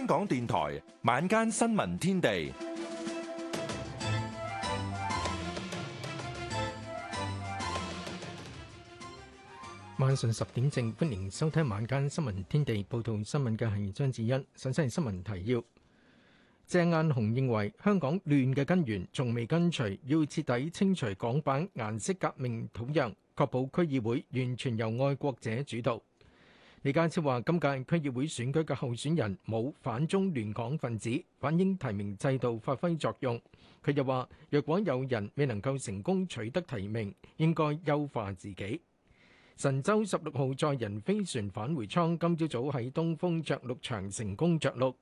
香港電台晚間新聞天地，晚上十點正，歡迎收聽晚間新聞天地。報道新聞嘅係張智欣，首先係新聞提要。鄭雁雄認為，香港亂嘅根源仲未根除，要徹底清除港版顏色革命土壤，確保區議會完全由愛國者主導。李家超話：今屆區議會選舉嘅候選人冇反中亂港分子，反映提名制度發揮作用。佢又話：若果有人未能夠成功取得提名，應該優化自己。神舟十六號載人飛船返回艙今朝早喺東風着陸場成功着陸，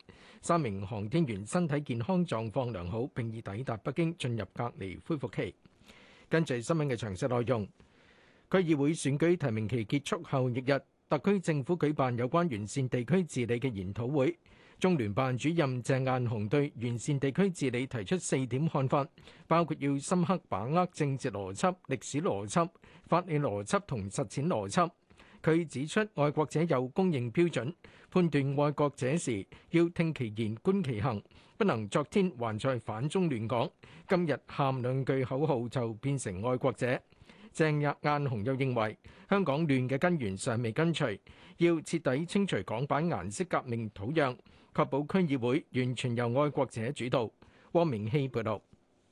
三名航天員身體健康狀況良好，並已抵達北京，進入隔離恢復期。跟住新聞嘅詳細內容，區議會選舉提名期結束後翌日。特區政府舉辦有關完善地區治理嘅研討會，中聯辦主任鄭雁雄對完善地區治理提出四點看法，包括要深刻把握政治邏輯、歷史邏輯、法理邏輯同實踐邏輯。佢指出，愛國者有公認標準，判斷愛國者時要聽其言、觀其行，不能昨天還在反中亂港，今日喊兩句口號就變成愛國者。鄭雁雄又認為，香港亂嘅根源尚未根除，要徹底清除港版顏色革命土壤，確保區議會完全由愛國者主導。汪明希報導。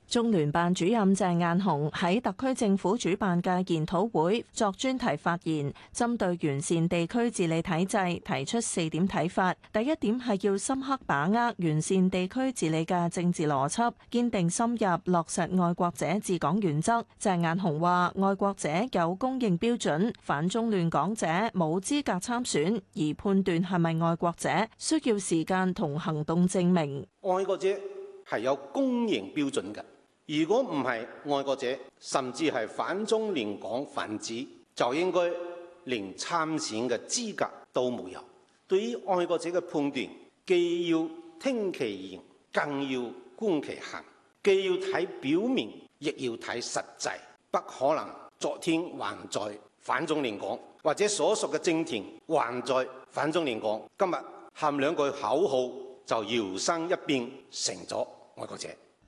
中聯辦主任鄭雁雄喺特區政府主辦嘅研討會作專題發言，針對完善地區治理體制提出四點睇法。第一點係要深刻把握完善地區治理嘅政治邏輯，堅定深入落實愛國者治港原則。鄭雁雄話：愛國者有公認標準，反中亂港者冇資格參選，而判斷係咪愛國者需要時間同行動證明。愛國者係有公認標準㗎。如果唔係愛國者，甚至係反中亂港分子，就應該連參選嘅資格都冇有。對於愛國者嘅判斷，既要聽其言，更要觀其行；既要睇表面，亦要睇實際。不可能，昨天還在反中亂港，或者所屬嘅政團還在反中亂港，今日喊兩句口號就搖身一變成咗愛國者。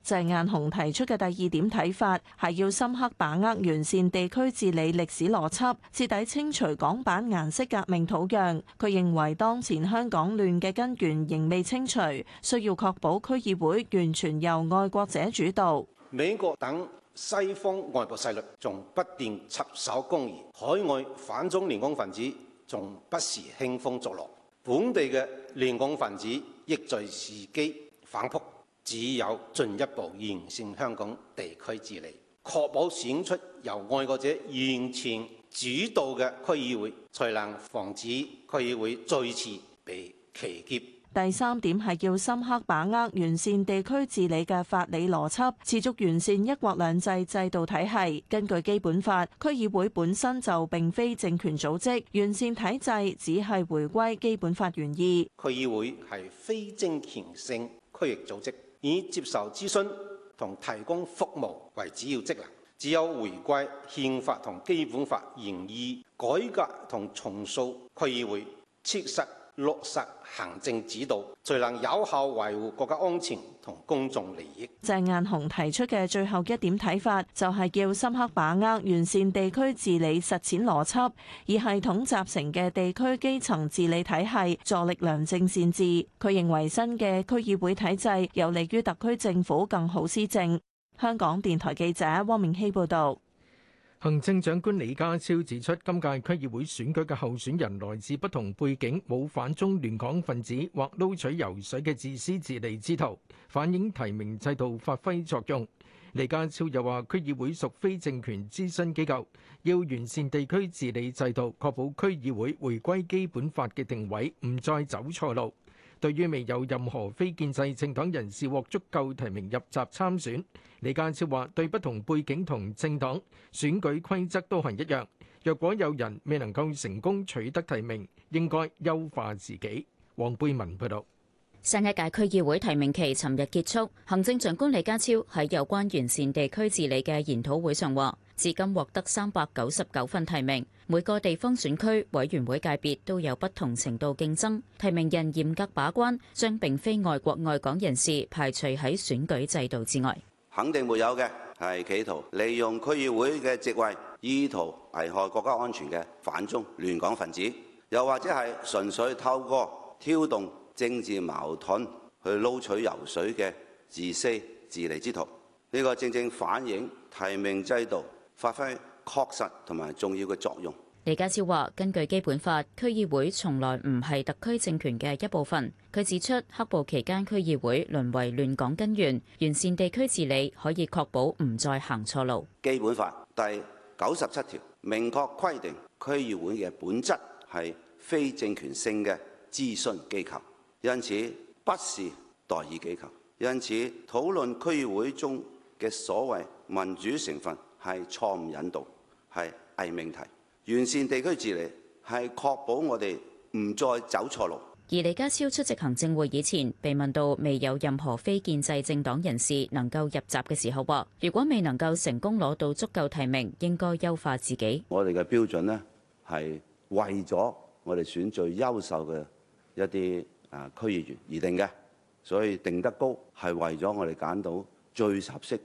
鄭雁雄提出嘅第二點睇法係要深刻把握完善地區治理歷史邏輯，徹底清除港版顏色革命土壤。佢認為當前香港亂嘅根源仍未清除，需要確保區議會完全由愛國者主導。美國等西方外部勢力仲不斷插手干預，海外反中亂港分子仲不時興風作浪，本地嘅亂港分子亦在伺機反撲。只有進一步完善香港地區治理，確保選出由愛國者完全主導嘅區議會，才能防止區議會再次被騎劫。第三點係要深刻把握完善地區治理嘅法理邏輯，持續完善一國兩制制度體系。根據基本法，區議會本身就並非政權組織，完善體制只係回歸基本法原意。區議會係非政權性區域組織。以接受諮詢同提供服務為主要職能，只有回歸憲法同基本法原意，改革同重塑區議會，切實。落實行政指導，最能有效維護國家安全同公眾利益。鄭雁雄提出嘅最後一點睇法，就係要深刻把握完善地區治理實踐邏輯，以系統集成嘅地區基層治理體系助力良政善治。佢認為新嘅區議會體制有利於特區政府更好施政。香港電台記者汪明希報道。行政長官李家超指出，今屆區議會選舉嘅候選人來自不同背景，冇反中亂港分子或撈取油水嘅自私自利之徒，反映提名制度發揮作用。李家超又話，區議會屬非政權諮詢機構，要完善地區治理制度，確保區議會回歸基本法嘅定位，唔再走錯路。對於未有任何非建制政黨人士獲足夠提名入閘參選，李家超話：對不同背景同政黨，選舉規則都係一樣。若果有人未能夠成功取得提名，應該優化自己。黃貝文報道。上一屆區議會提名期尋日結束，行政長官李家超喺有關完善地區治理嘅研討會上話，至今獲得三百九十九份提名，每個地方選區委員會界別都有不同程度競爭，提名人嚴格把關，將並非外國外港人士排除喺選舉制度之外。肯定沒有嘅係企圖利用區議會嘅職位，意圖危害國家安全嘅反中亂港分子，又或者係純粹透過挑動。政治矛盾去撈取油水嘅自私自利之徒，呢、這個正正反映提名制度發揮確實同埋重要嘅作用。李家超話，根據基本法，區議會從來唔係特區政權嘅一部分。佢指出，黑暴期間區議會淪為亂港根源，完善地區治理可以確保唔再行錯路。基本法第九十七條明確規定，區議會嘅本質係非政權性嘅諮詢機構。因此不是代議機構，因此討論區議會中嘅所謂民主成分係錯誤引導，係偽命題。完善地區治理係確保我哋唔再走錯路。而李家超出席行政會議前被問到未有任何非建制政黨人士能夠入閘嘅時候，如果未能夠成功攞到足夠提名，應該優化自己。我哋嘅標準呢，係為咗我哋選最優秀嘅一啲。啊，區議員而定嘅，所以定得高係為咗我哋揀到最合適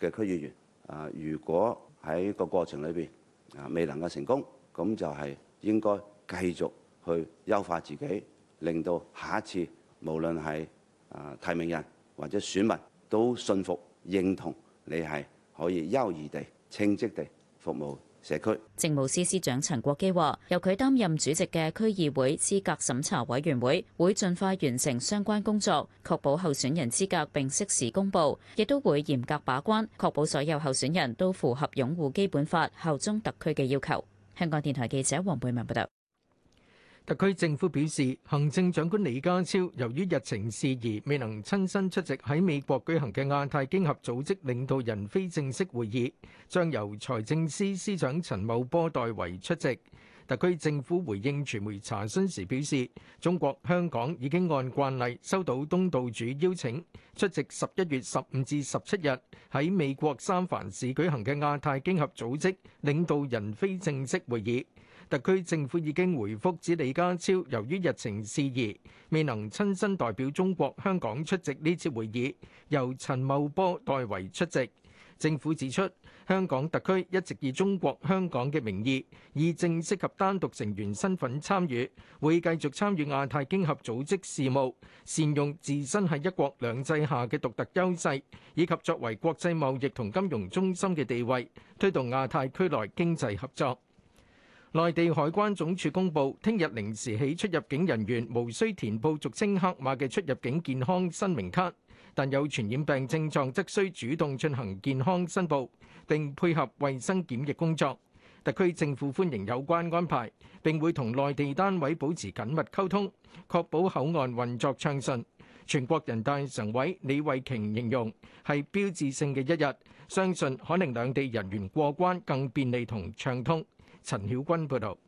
嘅區議員。啊，如果喺個過程裏邊啊未能夠成功，咁就係應該繼續去優化自己，令到下一次無論係啊提名人或者選民都信服認同你係可以優異地稱職地服務。社區政務司司長陳國基話：由佢擔任主席嘅區議會資格審查委員會會盡快完成相關工作，確保候選人資格並適時公佈，亦都會嚴格把關，確保所有候選人都符合擁護基本法、效忠特區嘅要求。香港電台記者黃貝文報道。特區政府表示，行政長官李家超由於日程事宜，未能親身出席喺美國舉行嘅亞太經合組織領導人非正式會議，將由財政司司長陳茂波代為出席。特區政府回應傳媒查詢時表示，中國香港已經按慣例收到東道主邀請，出席十一月十五至十七日喺美國三藩市舉行嘅亞太經合組織領導人非正式會議。特區政府已經回覆，指李家超由於日程事宜，未能親身代表中國香港出席呢次會議，由陳茂波代為出席。政府指出，香港特區一直以中國香港嘅名義，以正式及單獨成員身份參與，會繼續參與亞太經合組織事務，善用自身喺一國兩制下嘅獨特優勢，以及作為國際貿易同金融中心嘅地位，推動亞太區內經濟合作。內地海關總署公布，聽日零時起，出入境人員無需填報俗稱黑碼嘅出入境健康申明卡，但有傳染病症狀則需主動進行健康申報，並配合衛生檢疫工作。特區政府歡迎有關安排，並會同內地單位保持緊密溝通，確保口岸運作暢順。全國人大常委李慧瓊形容係標誌性嘅一日，相信可令兩地人員過關更便利同暢通。陳曉君報導。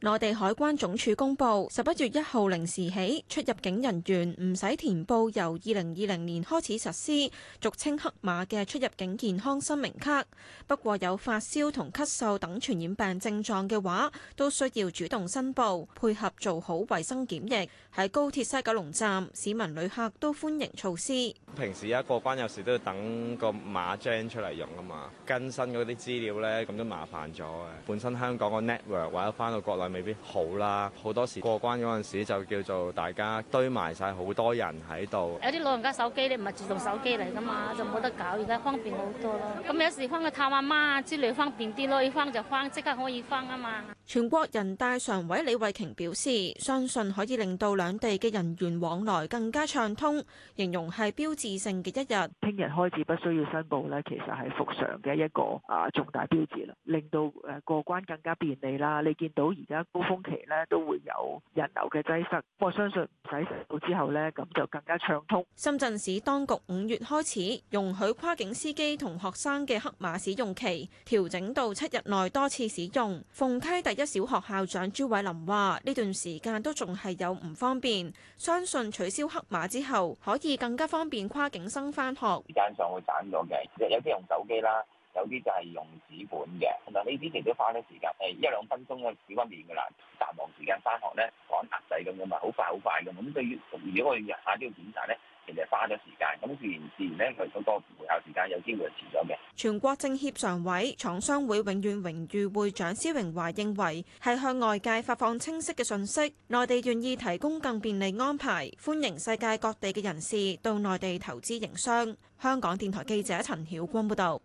內地海關總署公佈，十一月一號零時起，出入境人員唔使填報由二零二零年開始實施，俗稱黑馬嘅出入境健康申明卡。不過有發燒同咳嗽等傳染病症狀嘅話，都需要主動申報，配合做好衛生檢疫。喺高鐵西九龍站，市民旅客都歡迎措施。平時一過關，有時都要等個碼張出嚟用啊嘛，更新嗰啲資料咧，咁都麻煩咗嘅。本身香港個 network 或者翻到國內。未必好啦，好多時過關嗰陣時就叫做大家堆埋曬好多人喺度。有啲老人家手機，你唔係自動手機嚟㗎嘛，就冇得搞。而家方便好多咯。咁有時翻去探阿媽之類方便啲咯，要翻就翻，即刻可以翻啊嘛。全國人大常委李慧瓊表示，相信可以令到兩地嘅人員往來更加暢通，形容係標誌性嘅一日。聽日開始不需要申報咧，其實係復常嘅一個啊重大標誌啦，令到誒過關更加便利啦。你見到而家。高峰期呢都會有人流嘅擠塞，咁我相信唔使食到之後呢，咁就更加暢通。深圳市當局五月開始容許跨境司機同學生嘅黑馬使用期調整到七日內多次使用。鳳溪第一小學校長朱偉林話：呢段時間都仲係有唔方便，相信取消黑馬之後，可以更加方便跨境生翻學。時間上會慳咗嘅，有有啲用手機啦。有啲就係用紙本嘅，同埋呢啲其實都花咗時間，誒一兩分鐘嘅紙筆面㗎啦，繁忙時間翻學咧趕鴨仔咁樣咪，好快好快咁。咁對，如果我日下都要檢查咧，其實花咗時間。咁自然自然咧，佢嗰個在校時間有機會遲咗嘅。全國政協常委、廠商會永遠榮譽會長施榮懷認為係向外界發放清晰嘅訊息，內地願意提供更便利安排，歡迎世界各地嘅人士到內地投資營商。香港電台記者陳曉光報導。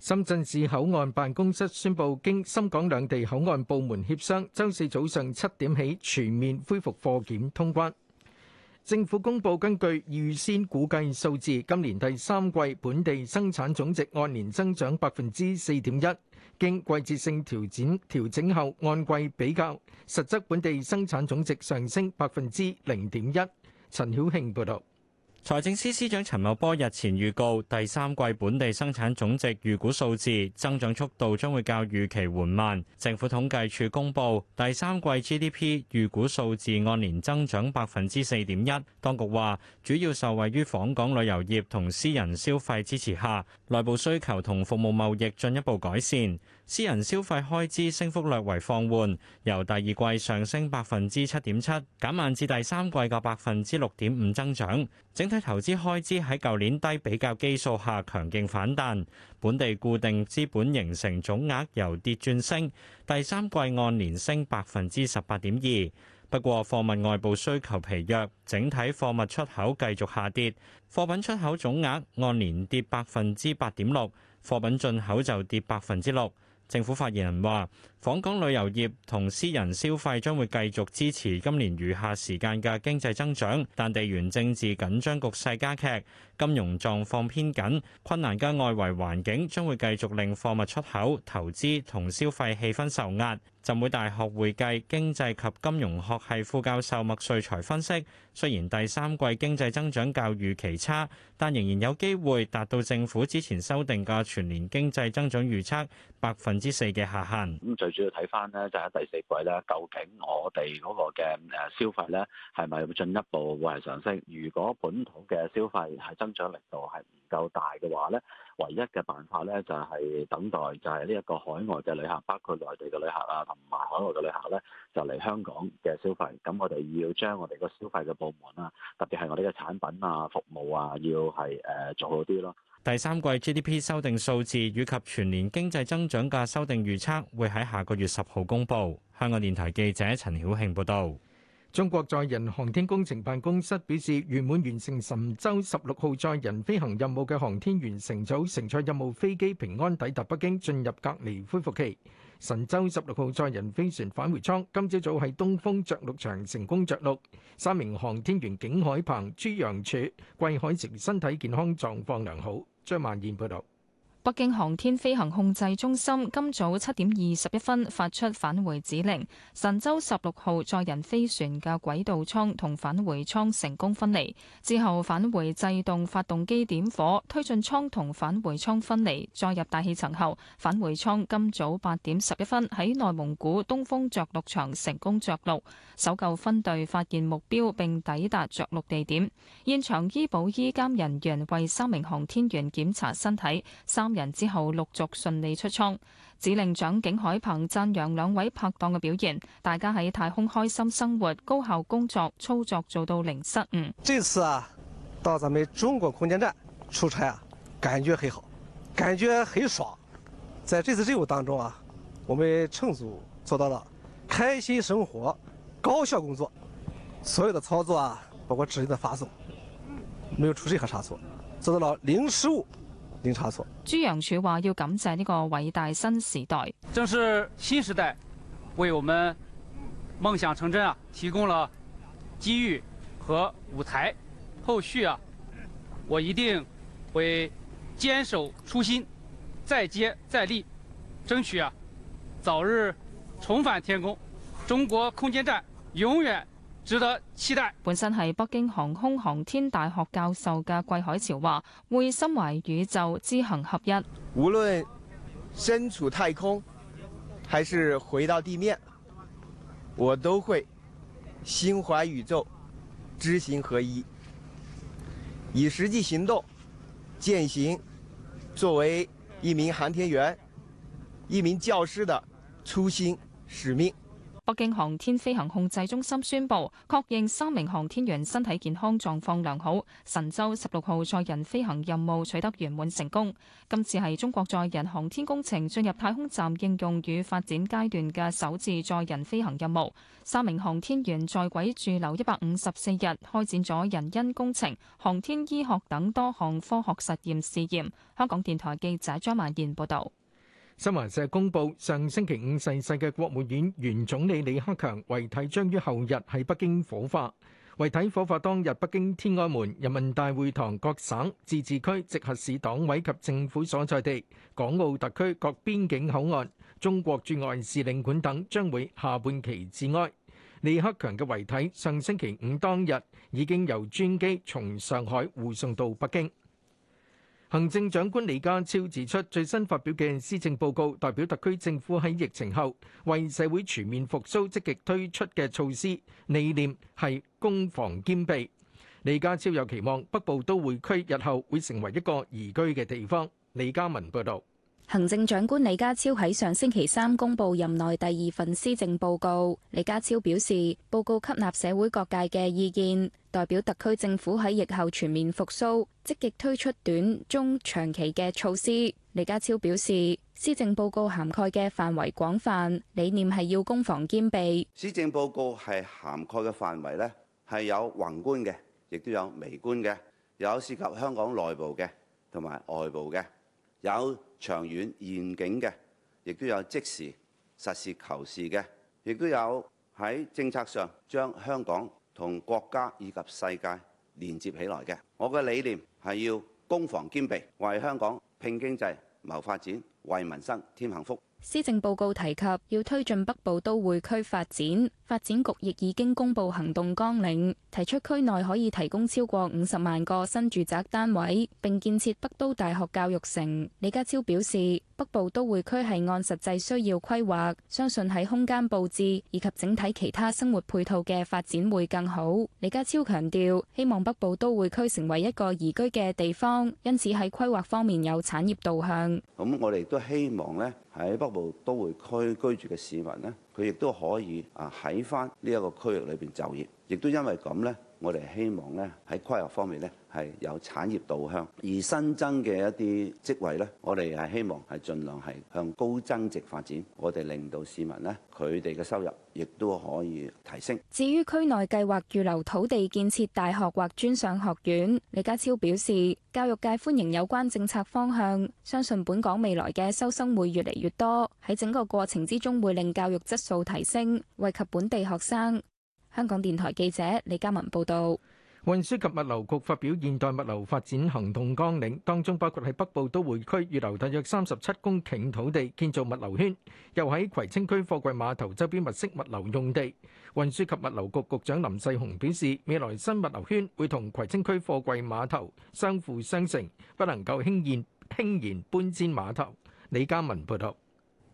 深圳市口岸辦公室宣布，經深港兩地口岸部門協商，週四早上七點起全面恢復貨檢通關。政府公佈根據預先估計數字，今年第三季本地生產總值按年增長百分之四點一，經季節性調整調整後，按季比較，實質本地生產總值上升百分之零點一。陳曉慶報導。財政司司長陳茂波日前預告，第三季本地生產總值預估數字增長速度將會較預期緩慢。政府統計處公布，第三季 GDP 預估數字按年增長百分之四點一。當局話，主要受惠於訪港旅遊業同私人消費支持下，內部需求同服務貿易進一步改善。私人消費開支升幅略為放緩，由第二季上升百分之七點七，減慢至第三季嘅百分之六點五增長。整體投資開支喺舊年低比較基數下強勁反彈，本地固定資本形成總額由跌轉升，第三季按年升百分之十八點二。不過，貨物外部需求疲弱，整體貨物出口繼續下跌，貨品出口總額按年跌百分之八點六，貨品進口就跌百分之六。政府發言人話，訪港旅遊業同私人消費將會繼續支持今年餘下時間嘅經濟增長，但地緣政治緊張局勢加劇，金融狀況偏緊，困難嘅外圍環境將會繼續令貨物出口、投資同消費氣氛受壓。浸會大學會計經濟及金融學系副教授麥瑞才分析，雖然第三季經濟增長較預期差，但仍然有機會達到政府之前修訂嘅全年經濟增長預測百分之四嘅下限。咁最主要睇返呢，就係第四季咧，究竟我哋嗰個嘅誒消費呢，係咪會進一步會係上升？如果本土嘅消費係增長力度係唔夠大嘅話呢。唯一嘅辦法咧，就係等待，就係呢一個海外嘅旅客，包括內地嘅旅客啊，同埋海外嘅旅客咧，就嚟香港嘅消費。咁我哋要將我哋個消費嘅部門啊，特別係我哋嘅產品啊、服務啊，要係誒做好啲咯。第三季 GDP 修訂數字以及全年經濟增長嘅修訂預測，會喺下個月十號公佈。香港電台記者陳曉慶報道。中國載人航天工程辦公室表示，圓滿完成神舟十六號載人飛行任務嘅航天員乘組乘坐任務飛機平安抵達北京，進入隔離恢復期。神舟十六號載人飛船返回艙今朝早喺東風着陸場成功着陸，三名航天員景海鵬、朱楊柱、桂海潮身體健康狀況良好。張萬燕報道。北京航天飛行控制中心今早七點二十一分發出返回指令，神舟十六號載人飛船嘅軌道艙同返回艙成功分離之後，返回制動發動機點火，推進艙同返回艙分離，再入大氣層後，返回艙今早八點十一分喺內蒙古東風着陸場成功着陸，搜救分隊發現目標並抵達着陸地點，現場醫保醫監人員為三名航天員檢查身體，三人之後陸續順利出艙，指令長景海鵬讚揚兩位拍檔嘅表現，大家喺太空開心生活、高效工作，操作做到零失誤。這次啊，到咱們中國空間站出差啊，感覺很好，感覺很爽。在這次任務當中啊，我們乘組做到了開心生活、高效工作，所有的操作啊，包括指令的發送，沒有出任何差錯，做到了零失誤。朱楊柱話要感謝呢個偉大新時代，正是新時代為我們夢想成真啊提供了機遇和舞台。後續啊，我一定會堅守初心，再接再厲，爭取啊早日重返天宮。中國空間站永遠。值得期待。本身係北京航空航天大學教授嘅桂海潮話：會心懷宇宙，知行合一。無論身處太空，還是回到地面，我都會心懷宇宙，知行合一，以實際行動踐行作為一名航天員、一名教師的初心使命。北京航天飛行控制中心宣布，確認三名航天員身體健康狀況良好，神舟十六號載人飛行任務取得圓滿成功。今次係中國載人航天工程進入太空站應用與發展階段嘅首次載人飛行任務，三名航天員在軌駐留一百五十四日，開展咗人因工程、航天醫學等多項科學實驗試驗。香港電台記者張曼燕報道。新華社公布，上星期五逝世嘅國務院原總理李克強遺體將於後日喺北京火化。遺體火化當日，北京天安門、人民大會堂、各省自治區直轄市黨委及政府所在地、港澳特區各邊境口岸、中國駐外使領館等將會下半旗致哀。李克強嘅遺體上星期五當日已經由專機從上海護送到北京。行政長官李家超指出，最新發表嘅施政報告代表特區政府喺疫情後為社會全面復甦積極推出嘅措施，理念係攻防兼備。李家超有期望北部都會區日後會成為一個宜居嘅地方。李家文報道。行政長官李家超喺上星期三公布任內第二份施政報告。李家超表示，報告吸納社會各界嘅意見，代表特區政府喺疫後全面復甦，積極推出短、中、長期嘅措施。李家超表示，施政報告涵蓋嘅範圍廣泛，理念係要攻防兼備。施政報告係涵蓋嘅範圍呢係有宏觀嘅，亦都有微觀嘅，有涉及香港內部嘅同埋外部嘅。有長遠遠景嘅，亦都有即時、實事求是嘅，亦都有喺政策上將香港同國家以及世界連接起來嘅。我嘅理念係要攻防兼備，為香港拼經濟、謀發展，為民生添幸福。施政報告提及要推進北部都會區發展，發展局亦已經公布行動綱領，提出區內可以提供超過五十萬個新住宅單位，並建設北都大學教育城。李家超表示，北部都會區係按實際需要規劃，相信喺空間佈置以及整體其他生活配套嘅發展會更好。李家超強調，希望北部都會區成為一個宜居嘅地方，因此喺規劃方面有產業導向。咁我哋都希望呢，喺北部都會區居住嘅市民呢，佢亦都可以啊喺返呢一個區域裏邊就業，亦都因為咁呢，我哋希望呢，喺規劃方面呢。係有產業導向，而新增嘅一啲職位咧，我哋係希望係盡量係向高增值發展，我哋令到市民咧，佢哋嘅收入亦都可以提升。至於區內計劃預留土地建設大學或專上學院，李家超表示，教育界歡迎有關政策方向，相信本港未來嘅收生會越嚟越多，喺整個過程之中會令教育質素提升，惠及本地學生。香港電台記者李嘉文報道。運輸及物流局發表現代物流發展行動綱領，當中包括喺北部都會區預留大約三十七公頃土地建造物流圈，又喺葵青區貨櫃碼頭周邊物色物流用地。運輸及物流局局長林世雄表示，未來新物流圈會同葵青區貨櫃碼頭相輔相成，不能夠輕言輕言搬遷碼頭。李嘉文報道。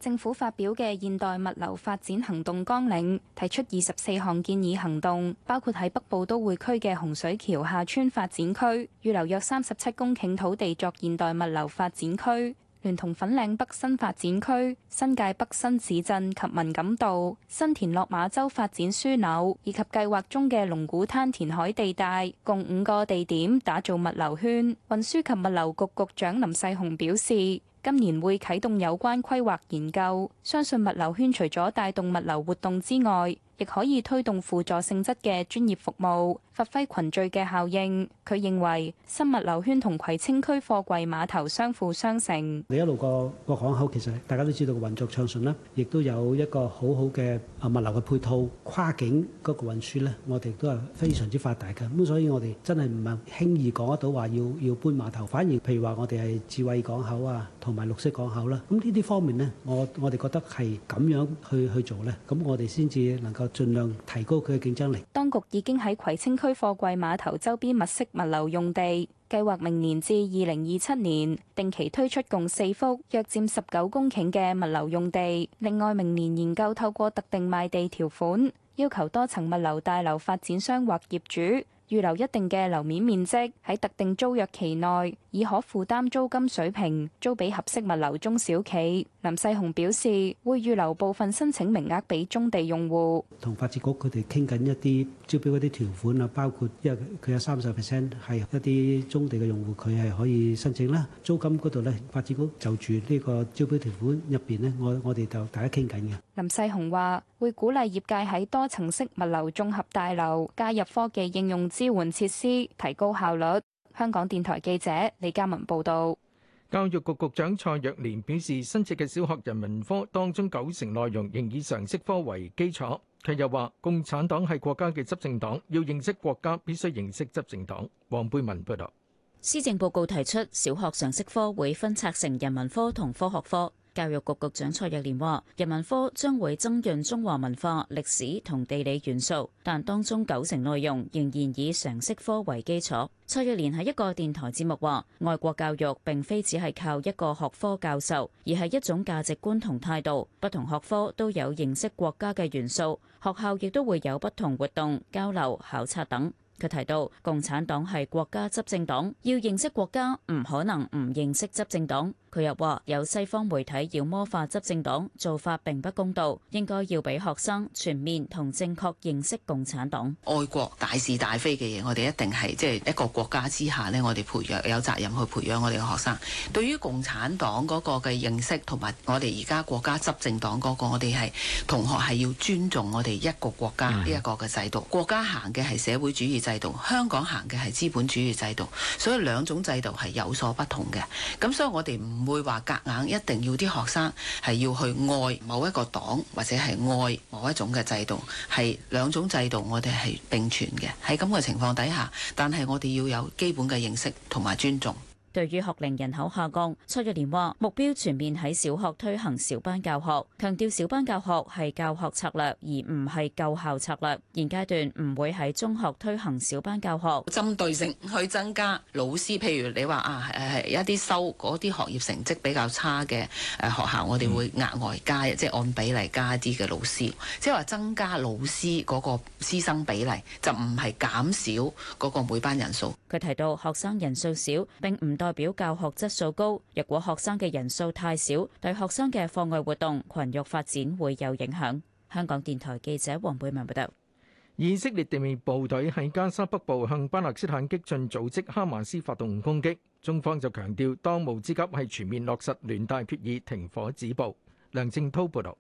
政府發表嘅現代物流發展行動綱領，提出二十四項建議行動，包括喺北部都會區嘅洪水橋下村發展區預留約三十七公頃土地作現代物流發展區，聯同粉嶺北新發展區、新界北新市鎮及文錦道、新田落馬洲發展樞紐以及計劃中嘅龍鼓灘填海地帶，共五個地點打造物流圈。運輸及物流局局長林世雄表示。今年會啟動有關規劃研究，相信物流圈除咗帶動物流活動之外，亦可以推動輔助性質嘅專業服務，發揮群聚嘅效應。佢認為新物流圈同葵青區貨櫃碼頭相輔相成。你一路個個港口其實大家都知道個運作暢順啦，亦都有一個好好嘅啊物流嘅配套。跨境個運輸呢，我哋都係非常之發達嘅。咁所以我哋真係唔係輕易講得到話要要搬碼頭，反而譬如話我哋係智慧港口啊，同埋綠色港口啦。咁呢啲方面呢，我我哋覺得係咁樣去去做呢，咁我哋先至能夠。盡量提高佢嘅競爭力。當局已經喺葵青區貨櫃碼頭周邊物色物流用地，計劃明年至二零二七年定期推出共四幅約佔十九公頃嘅物流用地。另外，明年研究透過特定賣地條款，要求多層物流大樓發展商或業主。預留一定嘅樓面面積喺特定租約期內，以可負擔租金水平租俾合適物流中小企。林世雄表示會預留部分申請名額俾中地用戶，同發展局佢哋傾緊一啲招標嗰啲條款啊，包括因為佢有三十 percent 係一啲中地嘅用戶，佢係可以申請啦。租金嗰度咧，發展局就住呢個招標條款入邊咧，我我哋就大家傾緊嘅。林世雄話會鼓勵業界喺多層式物流綜合大樓加入科技應用。支援設施，提高效率。香港電台記者李嘉文報道。教育局局長蔡若蓮表示，新設嘅小學人文科當中，九成內容仍以常識科為基礎，佢又話共產黨係國家嘅執政黨，要認識國家，必須認識執政黨，黃貝文報道。施政報告提出，小學常識科會分拆成人文科同科學科。教育局局長蔡若蓮話，人文科將會增潤中華文化、歷史同地理元素。但當中，佢又話：有西方媒體要魔化執政黨，做法並不公道，應該要俾學生全面同正確認識共產黨、愛國大是大非嘅嘢。我哋一定係即係一個國家之下呢，我哋培養有責任去培養我哋嘅學生。對於共產黨嗰個嘅認識同埋我哋而家國家執政黨嗰個，我哋係同學係要尊重我哋一個國家呢一個嘅制度。國家行嘅係社會主義制度，香港行嘅係資本主義制度，所以兩種制度係有所不同嘅。咁所以我哋唔唔會話夾硬，硬一定要啲學生係要去愛某一個黨或者係愛某一種嘅制度，係兩種制度我哋係並存嘅。喺咁嘅情況底下，但係我哋要有基本嘅認識同埋尊重。對於學齡人口下降，蔡若蓮話目標全面喺小學推行小班教學，強調小班教學係教學策略，而唔係救校策略。現階段唔會喺中學推行小班教學，針對性去增加老師。譬如你話啊，係係一啲收嗰啲學業成績比較差嘅誒學校，我哋會額外加，即係按比例加啲嘅老師，即係話增加老師嗰個師生比例，就唔係減少嗰個每班人數。佢提到學生人數少並唔代表教學質素高，若果學生嘅人數太少，對學生嘅課外活動、羣育發展會有影響。香港電台記者黃貝文報道。以色列地面部隊喺加沙北部向巴勒斯坦激進組織哈馬斯發動攻擊，中方就強調當務之急係全面落實聯大決議，停火止暴。梁正滔報道。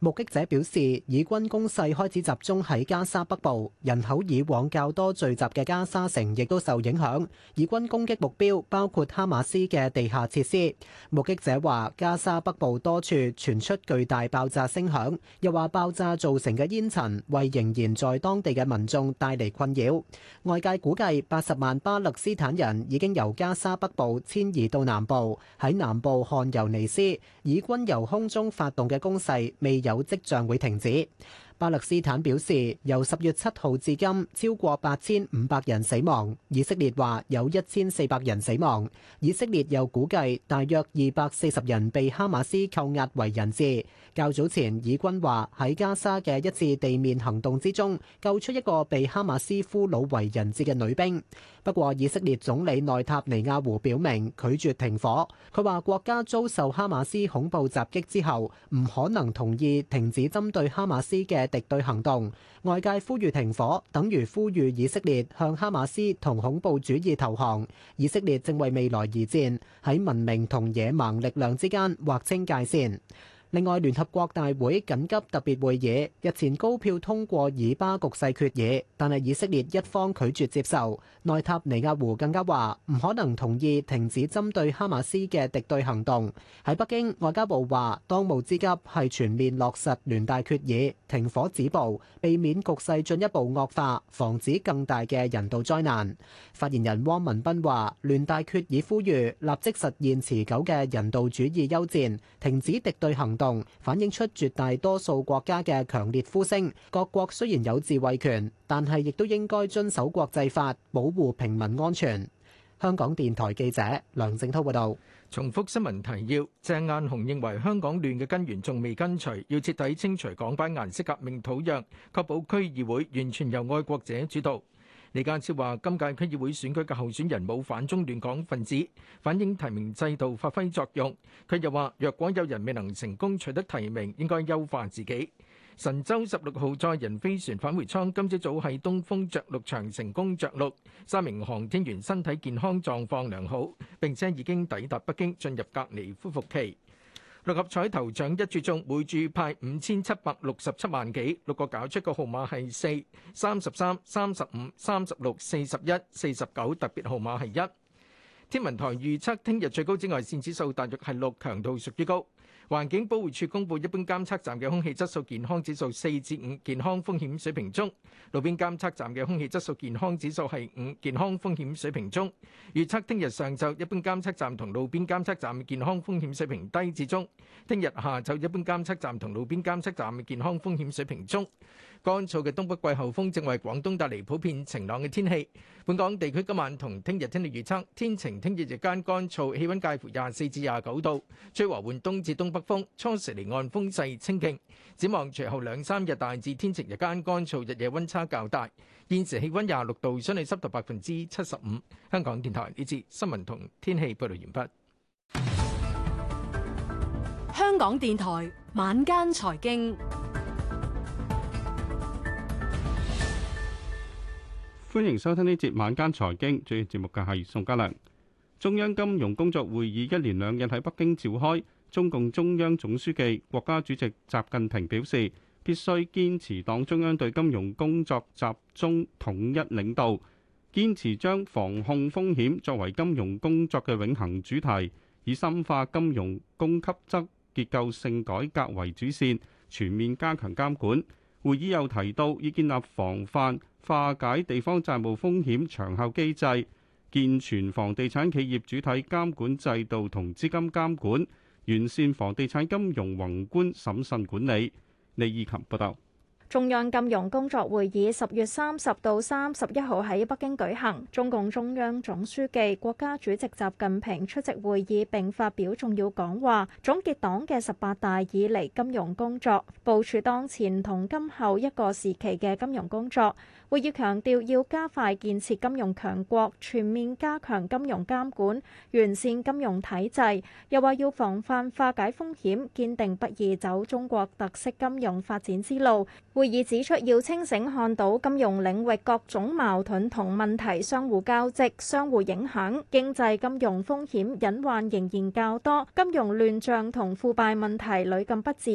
目擊者表示，以軍攻勢開始集中喺加沙北部，人口以往較多聚集嘅加沙城亦都受影響。以軍攻擊目標包括哈馬斯嘅地下設施。目擊者話，加沙北部多處傳出巨大爆炸聲響，又話爆炸造成嘅煙塵為仍然在當地嘅民眾帶嚟困擾。外界估計八十萬巴勒斯坦人已經由加沙北部遷移到南部，喺南部汗尤尼斯。以軍由空中發動嘅攻勢未有有跡象會停止。巴勒斯坦表示，由十月七號至今超過八千五百人死亡。以色列話有一千四百人死亡。以色列又估計大約二百四十人被哈馬斯扣押為人質。較早前，以軍話喺加沙嘅一次地面行動之中救出一個被哈馬斯俘虜為人質嘅女兵。不過以色列總理內塔尼亞胡表明拒絕停火，佢話國家遭受哈馬斯恐怖襲擊之後唔可能同意停止針對哈馬斯嘅敵對行動。外界呼籲停火等於呼籲以色列向哈馬斯同恐怖主義投降，以色列正為未來而戰，喺文明同野蠻力量之間劃清界線。另外，聯合國大會緊急特別會議日前高票通過以巴局勢決議，但係以色列一方拒絕接受。內塔尼亞胡更加話唔可能同意停止針對哈馬斯嘅敵對行動。喺北京，外交部話當務之急係全面落實聯大決議，停火止暴，避免局勢進一步惡化，防止更大嘅人道災難。發言人汪文斌話：聯大決議呼籲立即實現持久嘅人道主義休戰，停止敵對行動。動，反映出絕大多數國家嘅強烈呼聲，各國雖然有自衛權，但係亦都應該遵守國際法，保護平民安全。李家超話：今屆區議會選舉嘅候選人冇反中亂港分子，反映提名制度發揮作用。佢又話：若果有人未能成功取得提名，應該優化自己。神舟十六號載人飛船返回艙今朝早喺東風着陸場成功着陸，三名航天員身體健康狀況良好，並且已經抵達北京，進入隔離恢復期。六合彩頭獎一注中，每注派五千七百六十七萬幾。六個攪出嘅號碼係四、三十三、三十五、三十六、四十一、四十九。特別號碼係一。天文台預測聽日最高紫外線指數大約係六，強度屬於高。環境保護署公布，一般監測站嘅空氣質素健康指數四至五，健康風險水平中；路邊監測站嘅空氣質素健康指數係五，健康風險水平中。預測聽日上晝，一般監測站同路邊監測站嘅健康風險水平低至中；聽日下晝，一般監測站同路邊監測站嘅健康風險水平中。乾燥嘅東北季候風正為廣東帶嚟普遍晴朗嘅天氣。本港地區今晚同聽日天氣預測，天晴，聽日日間乾燥，氣溫介乎廿四至廿九度。吹和緩東至東北風，初時離岸風勢清勁，展望隨後兩三日大致天晴，日間乾燥，日夜溫差較大。現時氣溫廿六度，相對濕度百分之七十五。香港電台呢節新聞同天氣報道完畢。香港電台晚間財經。歡迎收聽呢節晚間財經，主持節目嘅係宋嘉良。中央金融工作會議一連兩日喺北京召開。中共中央總書記、國家主席習近平表示，必須堅持黨中央對金融工作集中統一領導，堅持將防控風險作為金融工作嘅永恒主題，以深化金融供給側結構性改革為主線，全面加強監管。會議又提到，要建立防範化解地方債務風險長效機制，健全房地產企業主體監管制度同資金監管，完善房地產金融宏觀審慎管理。李意琴報道。中央金融工作會議十月三十到三十一號喺北京舉行，中共中央總書記、國家主席習近平出席會議並發表重要講話，總結黨嘅十八大以嚟金融工作，部署當前同今後一個時期嘅金融工作。會議強調要加快建設金融強國，全面加強金融監管，完善金融體制，又話要防範化解風險，堅定不移走中國特色金融發展之路。會議指出，要清醒看到金融領域各種矛盾同問題相互交織、相互影響，經濟金融風險隱患仍然較多，金融亂象同腐敗問題屢禁不止，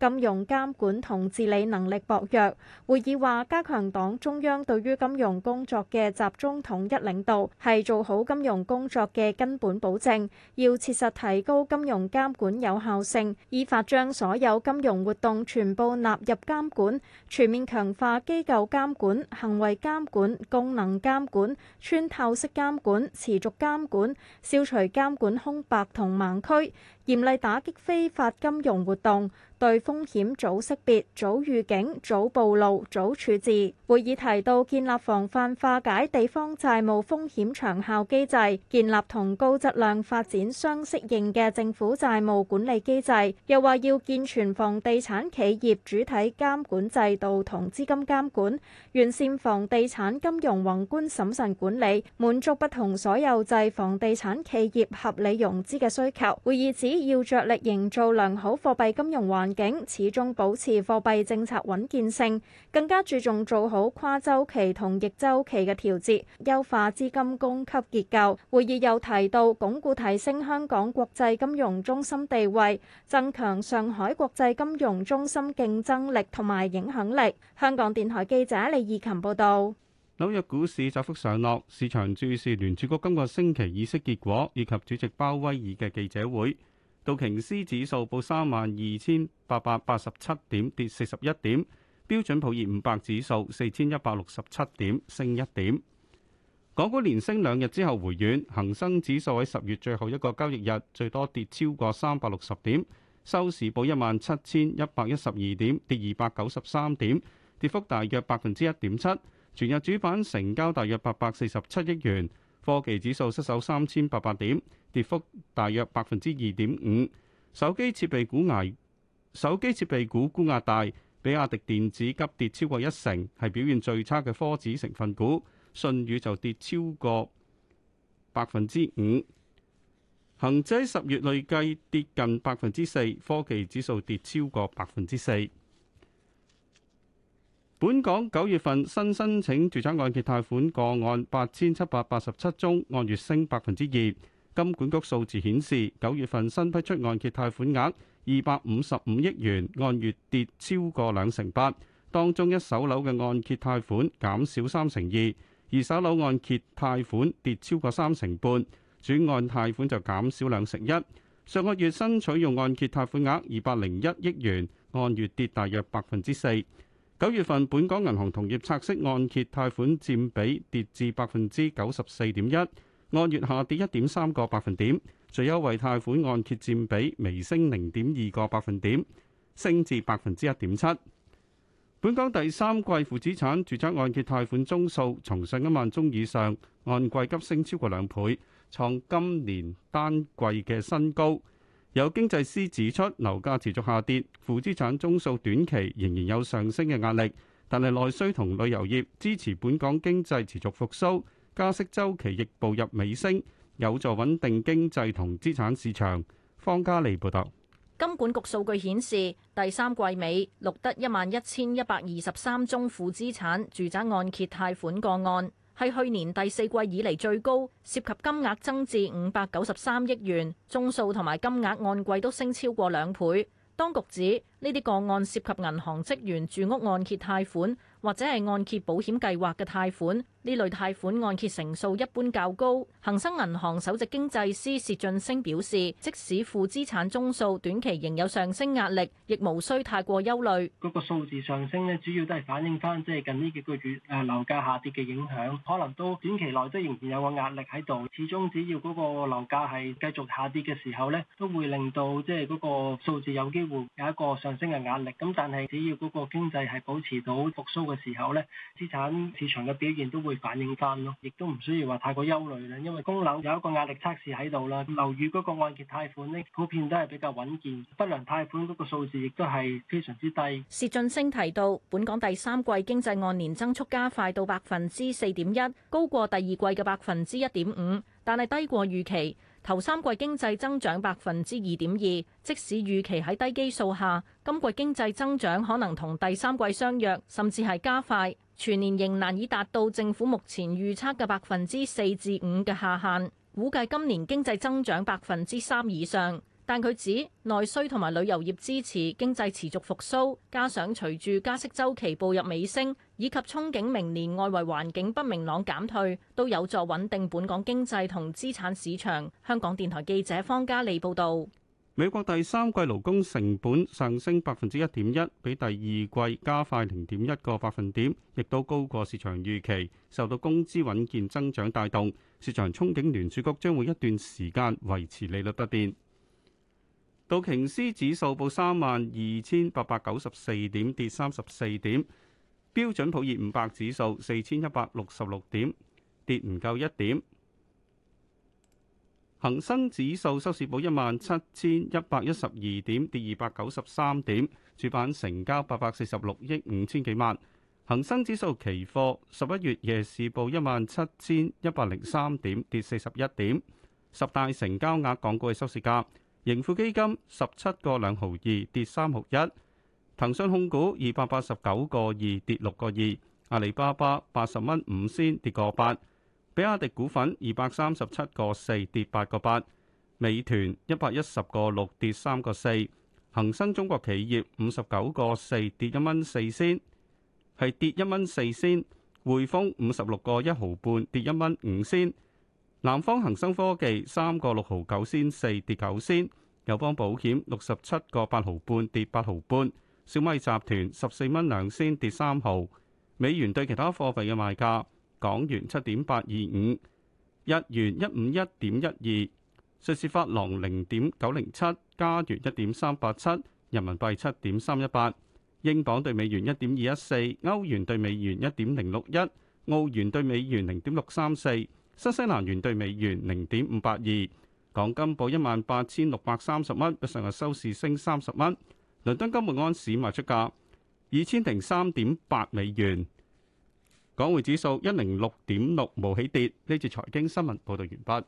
金融監管同治理能力薄弱。會議話，加強黨中央對於金融工作嘅集中統一領導，係做好金融工作嘅根本保證，要切實提高金融監管有效性，依法將所有金融活動全部納入監管。全面強化機構監管、行為監管、功能監管、穿透式監管、持續監管，消除監管空白同盲區。嚴厲打擊非法金融活動，對風險早識別、早預警、早暴露、早處置。會議提到建立防範化解地方債務風險長效機制，建立同高質量發展相適應嘅政府債務管理機制。又話要健全房地產企業主體監管制度同資金監管，完善房地產金融宏觀審慎管理，滿足不同所有制房地產企業合理融資嘅需求。會議指。要着力營造良好貨幣金融環境，始終保持貨幣政策穩健性，更加注重做好跨周期同逆周期嘅調節，優化資金供給結構。會議又提到鞏固提升香港國際金融中心地位，增強上海國際金融中心競爭力同埋影響力。香港電台記者李義琴報道。紐約股市窄幅上落，市場注視聯儲局今個星期議息結果以及主席鮑威爾嘅記者會。道瓊斯指數報三萬二千八百八十七點，跌四十一點；標準普爾五百指數四千一百六十七點，升一點。港股連升兩日之後回軟，恒生指數喺十月最後一個交易日最多跌超過三百六十點，收市報一萬七千一百一十二點，跌二百九十三點，跌幅大約百分之一點七。全日主板成交大約八百四十七億元。科技指數失守三千八百點，跌幅大約百分之二點五。手機設備股壓手機設備股估壓大，比亞迪電子急跌超過一成，係表現最差嘅科指成分股。舜宇就跌超過百分之五。恒指十月累計跌近百分之四，科技指數跌超過百分之四。本港九月份新申請住宅按揭貸款個案八千七百八十七宗，按月升百分之二。金管局數字顯示，九月份新批出按揭貸款額二百五十五億元，按月跌超過兩成八。當中一手樓嘅按揭貸款減少三成二，二手樓按揭貸款跌超過三成半，轉按貸款就減少兩成一。上個月新取用按揭貸款額二百零一億元，按月跌大約百分之四。九月份，本港銀行同業拆息按揭貸款佔比跌至百分之九十四點一，按月下跌一點三個百分點。最優惠貸款按揭佔比微升零點二個百分點，升至百分之一點七。本港第三季負資產住宅按揭貸款宗數重上一萬宗以上，按季急升超過兩倍，創今年單季嘅新高。有經濟師指出，樓價持續下跌，負資產宗數短期仍然有上升嘅壓力，但係內需同旅遊業支持本港經濟持續復甦，加息周期亦步入尾聲，有助穩定經濟同資產市場。方嘉利報導。金管局數據顯示，第三季尾錄得一萬一千一百二十三宗負資產住宅按揭貸款個案。係去年第四季以嚟最高，涉及金額增至五百九十三億元，宗數同埋金額按季都升超過兩倍。當局指，呢啲個案涉及銀行職員住屋按揭貸款，或者係按揭保險計劃嘅貸款。呢類貸款按揭成數一般較高，恒生銀行首席經濟師薛俊升表示，即使負資產宗數短期仍有上升壓力，亦無需太過憂慮。嗰個數字上升呢，主要都係反映翻即係近呢幾、幾個月誒樓價下跌嘅影響，可能都短期內都仍然有個壓力喺度。始終只要嗰個樓價係繼續下跌嘅時候呢，都會令到即係嗰個數字有機會有一個上升嘅壓力。咁但係只要嗰個經濟係保持到復甦嘅時候呢，資產市場嘅表現都會會反映翻咯，亦都唔需要話太過憂慮啦。因為供樓有一個壓力測試喺度啦，樓宇嗰個按揭貸款呢，普遍都係比較穩健，不良貸款嗰個數字亦都係非常之低。薛俊升提到，本港第三季經濟按年增速加快到百分之四點一，高過第二季嘅百分之一點五，但係低過預期。頭三季經濟增長百分之二點二，即使預期喺低基數下，今季經濟增長可能同第三季相若，甚至係加快。全年仍難以達到政府目前預測嘅百分之四至五嘅下限，估計今年經濟增長百分之三以上。但佢指內需同埋旅遊業支持經濟持續復甦，加上隨住加息周期步入尾聲，以及憧憬明年外圍環境不明朗減退，都有助穩定本港經濟同資產市場。香港電台記者方嘉莉報導。美國第三季勞工成本上升百分之一點一，比第二季加快零點一個百分點，亦都高過市場預期。受到工資穩健增長帶動，市場憧憬聯儲局將會一段時間維持利率不變。道瓊斯指數報三萬二千八百九十四點，跌三十四點。標準普爾五百指數四千一百六十六點，跌唔夠一點。恒生指數收市報一萬七千一百一十二點，跌二百九十三點。主板成交八百四十六億五千幾萬。恒生指數期貨十一月夜市報一萬七千一百零三點，跌四十一點。十大成交額港股嘅收市價，盈富基金十七個兩毫二，跌三毫一。騰訊控股二百八十九個二，跌六個二。阿里巴巴八十蚊五仙，跌個八。比亞迪股份二百三十七個四跌八個八，美團一百一十個六跌三個四，恒生中國企業五十九個四跌一蚊四仙，係跌一蚊四仙，匯豐五十六個一毫半跌一蚊五仙，南方恒生科技三個六毫九仙四跌九仙，友邦保險六十七個八毫半跌八毫半，小米集團十四蚊兩仙跌三毫，美元兌其他貨幣嘅賣價。港元七點八二五，日元一五一點一二，瑞士法郎零點九零七，加元一點三八七，人民幣七點三一八，英鎊兌美元一點二一四，歐元兌美元一點零六一，澳元兌美元零點六三四，新西蘭元兌美元零點五八二。港金報一萬八千六百三十蚊，比上日收市升三十蚊。倫敦金每安士賣出價二千零三點八美元。港匯指數一零六點六，無起跌。呢次財經新聞報道完畢。